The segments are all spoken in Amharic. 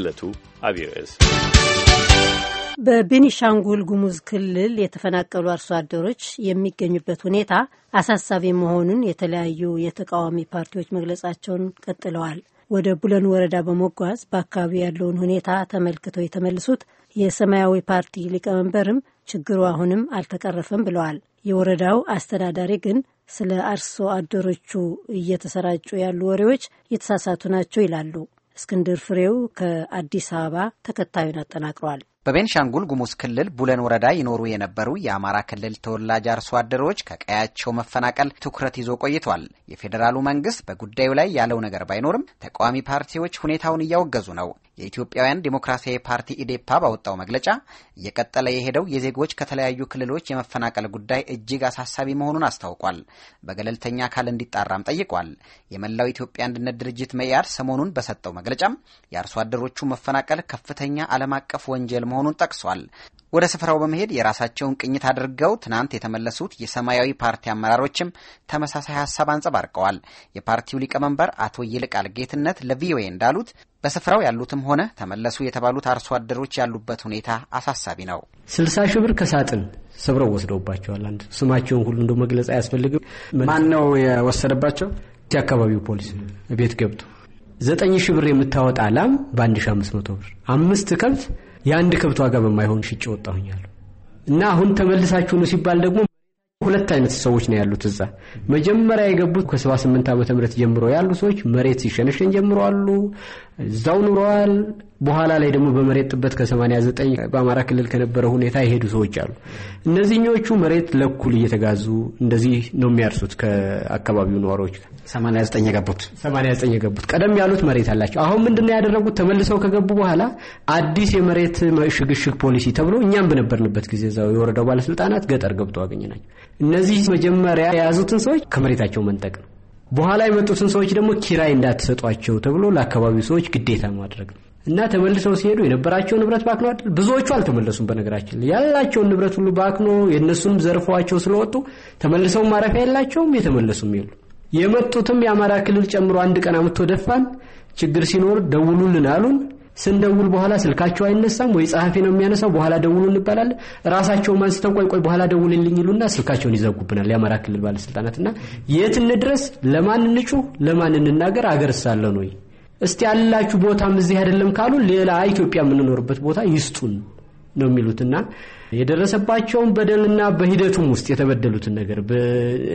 የዕለቱ አብይ ርዕስ በቤኒሻንጉል ጉሙዝ ክልል የተፈናቀሉ አርሶ አደሮች የሚገኙበት ሁኔታ አሳሳቢ መሆኑን የተለያዩ የተቃዋሚ ፓርቲዎች መግለጻቸውን ቀጥለዋል። ወደ ቡለን ወረዳ በመጓዝ በአካባቢው ያለውን ሁኔታ ተመልክተው የተመልሱት የሰማያዊ ፓርቲ ሊቀመንበርም ችግሩ አሁንም አልተቀረፈም ብለዋል። የወረዳው አስተዳዳሪ ግን ስለ አርሶ አደሮቹ እየተሰራጩ ያሉ ወሬዎች የተሳሳቱ ናቸው ይላሉ። እስክንድር ፍሬው ከአዲስ አበባ ተከታዩን አጠናቅሯል። በቤንሻንጉል ጉሙዝ ክልል ቡለን ወረዳ ይኖሩ የነበሩ የአማራ ክልል ተወላጅ አርሶ አደሮች ከቀያቸው መፈናቀል ትኩረት ይዞ ቆይቷል። የፌዴራሉ መንግስት በጉዳዩ ላይ ያለው ነገር ባይኖርም ተቃዋሚ ፓርቲዎች ሁኔታውን እያወገዙ ነው። የኢትዮጵያውያን ዴሞክራሲያዊ ፓርቲ ኢዴፓ ባወጣው መግለጫ እየቀጠለ የሄደው የዜጎች ከተለያዩ ክልሎች የመፈናቀል ጉዳይ እጅግ አሳሳቢ መሆኑን አስታውቋል። በገለልተኛ አካል እንዲጣራም ጠይቋል። የመላው ኢትዮጵያ አንድነት ድርጅት መኢአድ ሰሞኑን በሰጠው መግለጫም የአርሶ አደሮቹ መፈናቀል ከፍተኛ ዓለም አቀፍ ወንጀል መሆኑን ጠቅሷል። ወደ ስፍራው በመሄድ የራሳቸውን ቅኝት አድርገው ትናንት የተመለሱት የሰማያዊ ፓርቲ አመራሮችም ተመሳሳይ ሀሳብ አንጸባርቀዋል። የፓርቲው ሊቀመንበር አቶ ይልቃል ጌትነት ለቪኦኤ እንዳሉት በስፍራው ያሉትም ሆነ ተመለሱ የተባሉት አርሶ አደሮች ያሉበት ሁኔታ አሳሳቢ ነው። ስልሳ ሺህ ብር ከሳጥን ሰብረው ወስደውባቸዋል። አንድ ስማቸውን ሁሉ እንደ መግለጽ አያስፈልግም። ማን ነው የወሰደባቸው? የአካባቢው ፖሊስ ቤት ገብቶ ዘጠኝ ሺህ ብር የምታወጣ ላም በአንድ ሺህ አምስት መቶ ብር አምስት ከብት የአንድ ከብት ዋጋ በማይሆን ሽጭ ወጣሁኛሉ እና አሁን ተመልሳችሁ ነው ሲባል ደግሞ ሁለት አይነት ሰዎች ነው ያሉት እዛ መጀመሪያ የገቡት ከ78 ዓመተ ምህረት ጀምሮ ያሉ ሰዎች መሬት ሲሸነሸን ጀምሮ አሉ እዛው ኑረዋል በኋላ ላይ ደግሞ በመሬት ጥበት ከ89 በአማራ ክልል ከነበረ ሁኔታ የሄዱ ሰዎች አሉ። እነዚህኞቹ መሬት ለኩል እየተጋዙ እንደዚህ ነው የሚያርሱት። ከአካባቢው ነዋሪዎች 89 የገቡት 89 የገቡት ቀደም ያሉት መሬት አላቸው። አሁን ምንድነው ያደረጉት? ተመልሰው ከገቡ በኋላ አዲስ የመሬት ሽግሽግ ፖሊሲ ተብሎ እኛም በነበርንበት ጊዜ እዛው የወረዳው ባለስልጣናት ገጠር ገብተው ናቸው። እነዚህ መጀመሪያ የያዙትን ሰዎች ከመሬታቸው መንጠቅ ነው። በኋላ የመጡትን ሰዎች ደግሞ ኪራይ እንዳትሰጧቸው ተብሎ ለአካባቢው ሰዎች ግዴታ ማድረግ ነው። እና ተመልሰው ሲሄዱ የነበራቸው ንብረት ባክኖ አይደል? ብዙዎቹ አልተመለሱም። በነገራችን ያላቸውን ንብረት ሁሉ ባክኖ የእነሱም ዘርፈዋቸው ስለወጡ ተመልሰው ማረፊያ የላቸውም፣ የተመለሱም የሉ። የመጡትም የአማራ ክልል ጨምሮ አንድ ቀን አምቶ ደፋን፣ ችግር ሲኖር ደውሉልን አሉን። ስንደውል በኋላ ስልካቸው አይነሳም ወይ ጸሐፊ ነው የሚያነሳው፣ በኋላ ደውሉ እንባላለን። ራሳቸውም አንስተው ቆይ ቆይ በኋላ ደውልልኝ ይሉና ስልካቸውን ይዘጉብናል የአማራ ክልል ባለስልጣናትና፣ የት እንድረስ? ለማን እንጩህ? ለማን እንናገር? አገር ሳለን ወይ እስቲ ያላችሁ ቦታም እዚህ አይደለም ካሉ ሌላ ኢትዮጵያ የምንኖርበት ቦታ ይስጡን። ነው የሚሉትና የደረሰባቸውን በደልና በሂደቱም ውስጥ የተበደሉትን ነገር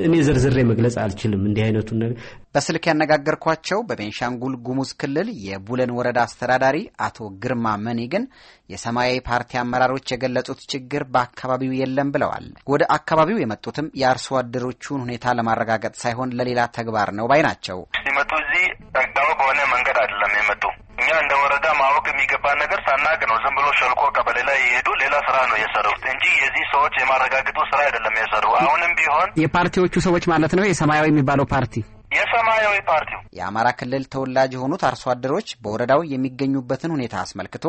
እኔ ዝርዝሬ መግለጽ አልችልም። እንዲህ አይነቱን ነገር በስልክ ያነጋገርኳቸው በቤንሻንጉል ጉሙዝ ክልል የቡለን ወረዳ አስተዳዳሪ አቶ ግርማ መኒ ግን የሰማያዊ ፓርቲ አመራሮች የገለጹት ችግር በአካባቢው የለም ብለዋል። ወደ አካባቢው የመጡትም የአርሶ አደሮቹን ሁኔታ ለማረጋገጥ ሳይሆን ለሌላ ተግባር ነው ባይ ናቸው። ሲመጡ እዚህ ህጋዊ በሆነ መንገድ አይደለም የመጡ እኛ እንደ ወረዳ ማወቅ የሚገባን ነገር ሳናቅ ነው ዝም ብሎ ሸልቆ ቀበሌ ላይ የሄዱ ሌላ ስራ ነው የሰሩት እንጂ የዚህ ሰዎች የማረጋገጡ ስራ አይደለም የሰሩ። አሁንም ቢሆን የፓርቲዎቹ ሰዎች ማለት ነው የሰማያዊ የሚባለው ፓርቲ የሰማያዊ ፓርቲው የአማራ ክልል ተወላጅ የሆኑት አርሶ አደሮች በወረዳው የሚገኙበትን ሁኔታ አስመልክቶ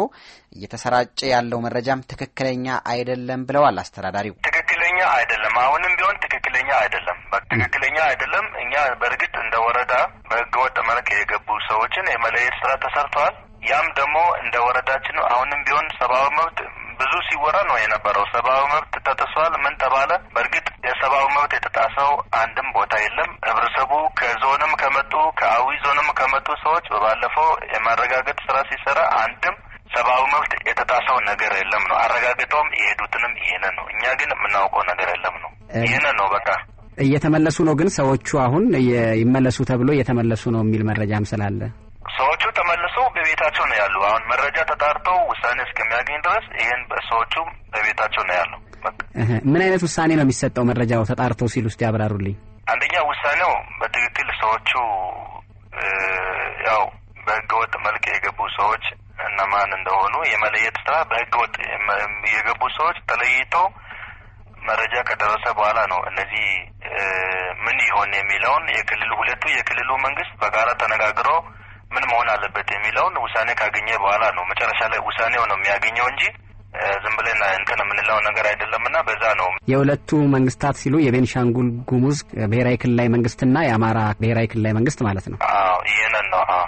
እየተሰራጨ ያለው መረጃም ትክክለኛ አይደለም ብለዋል አስተዳዳሪው። ትክክለኛ አይደለም፣ አሁንም ቢሆን ትክክለኛ አይደለም፣ ትክክለኛ አይደለም። እኛ በእርግጥ እንደ ወረዳ በህገወጥ መልክ የገቡ ሰዎችን የመለየት ስራ ተሰርተዋል። ያም ደግሞ እንደ ወረዳችን አሁንም ቢሆን ሰብአዊ መብት ብዙ ሲወራ ነው የነበረው። ሰብአዊ መብት ተጥሷል ምን ተባለ። በእርግጥ የሰብአዊ መብት የተጣሰው አንድም ቦታ የለም። ህብረተሰቡ ከዞንም ከመጡ ከአዊ ዞንም ከመጡ ሰዎች በባለፈው የማረጋገጥ ስራ ሲሰራ አንድም ሰብአዊ መብት የተጣሰው ነገር የለም ነው። አረጋግጠውም የሄዱትንም ይሄንን ነው። እኛ ግን የምናውቀው ነገር የለም ነው። ይህንን ነው በቃ እየተመለሱ ነው። ግን ሰዎቹ አሁን ይመለሱ ተብሎ እየተመለሱ ነው የሚል መረጃም ስላለ በቤታቸው ነው ያሉ። አሁን መረጃ ተጣርተው ውሳኔ እስከሚያገኝ ድረስ ይህን ሰዎቹ በቤታቸው ነው ያሉ። ምን አይነት ውሳኔ ነው የሚሰጠው? መረጃው ተጣርተው ሲል ውስጥ ያብራሩልኝ። አንደኛ ውሳኔው በትክክል ሰዎቹ ያው በህገወጥ መልክ የገቡ ሰዎች እነማን እንደሆኑ የመለየት ስራ በህገወጥ የገቡ ሰዎች ተለይቶ መረጃ ከደረሰ በኋላ ነው እነዚህ ምን ይሆን የሚለውን የክልሉ ሁለቱ የክልሉ መንግስት በጋራ ተነጋግረው ምን መሆን አለበት የሚለውን ውሳኔ ካገኘ በኋላ ነው መጨረሻ ላይ ውሳኔው ነው የሚያገኘው እንጂ ዝም ብለን እንትን የምንለው ነገር አይደለምና በዛ ነው የሁለቱ መንግስታት ሲሉ የቤንሻንጉል ጉሙዝ ብሔራዊ ክልላዊ መንግስትና የአማራ ብሔራዊ ክልላዊ መንግስት ማለት ነው። አዎ ይህንን ነው። አዎ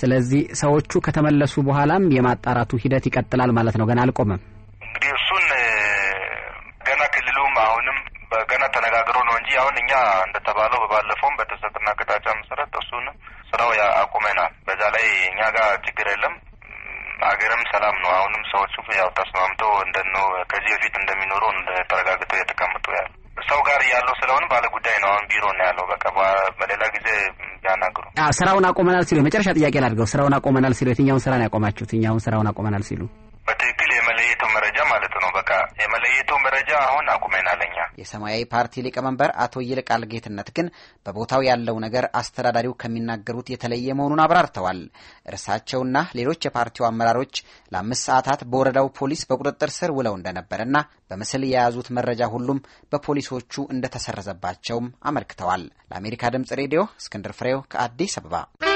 ስለዚህ ሰዎቹ ከተመለሱ በኋላም የማጣራቱ ሂደት ይቀጥላል ማለት ነው። ገና አልቆመም። እንግዲህ እሱን ገና ክልሉም አሁንም በገና ተነጋግሮ ነው እንጂ አሁን እኛ እንደተባለው በባለፈውም በተሰጠና አቅጣጫ መሰረት እሱንም ስራው አቁመናል። በዛ ላይ እኛ ጋር ችግር የለም። ሀገርም ሰላም ነው። አሁንም ሰዎቹ ያው ተስማምቶ እንደነ ከዚህ በፊት እንደሚኖሩ ተረጋግጦ የተቀምጡ ያሉ ሰው ጋር ያለው ስለሆነ ባለ ጉዳይ ነው። አሁን ቢሮ ነው ያለው። በቃ በሌላ ጊዜ ያናግሩ። ስራውን አቆመናል ሲሉ የመጨረሻ ጥያቄ ላድርገው። ስራውን አቆመናል ሲሉ የትኛውን ስራ ነው ያቆማችሁት? እኛውን ስራውን አቆመናል ሲሉ በትክክል የመለየቱ መረጃ ማለት ነው። በቃ የመለየ መረጃ አሁን አቁመናል እኛ። የሰማያዊ ፓርቲ ሊቀመንበር አቶ ይልቃል ጌትነት ግን በቦታው ያለው ነገር አስተዳዳሪው ከሚናገሩት የተለየ መሆኑን አብራርተዋል። እርሳቸውና ሌሎች የፓርቲው አመራሮች ለአምስት ሰዓታት በወረዳው ፖሊስ በቁጥጥር ስር ውለው እንደነበረና በምስል የያዙት መረጃ ሁሉም በፖሊሶቹ እንደተሰረዘባቸውም አመልክተዋል። ለአሜሪካ ድምጽ ሬዲዮ እስክንድር ፍሬው ከአዲስ አበባ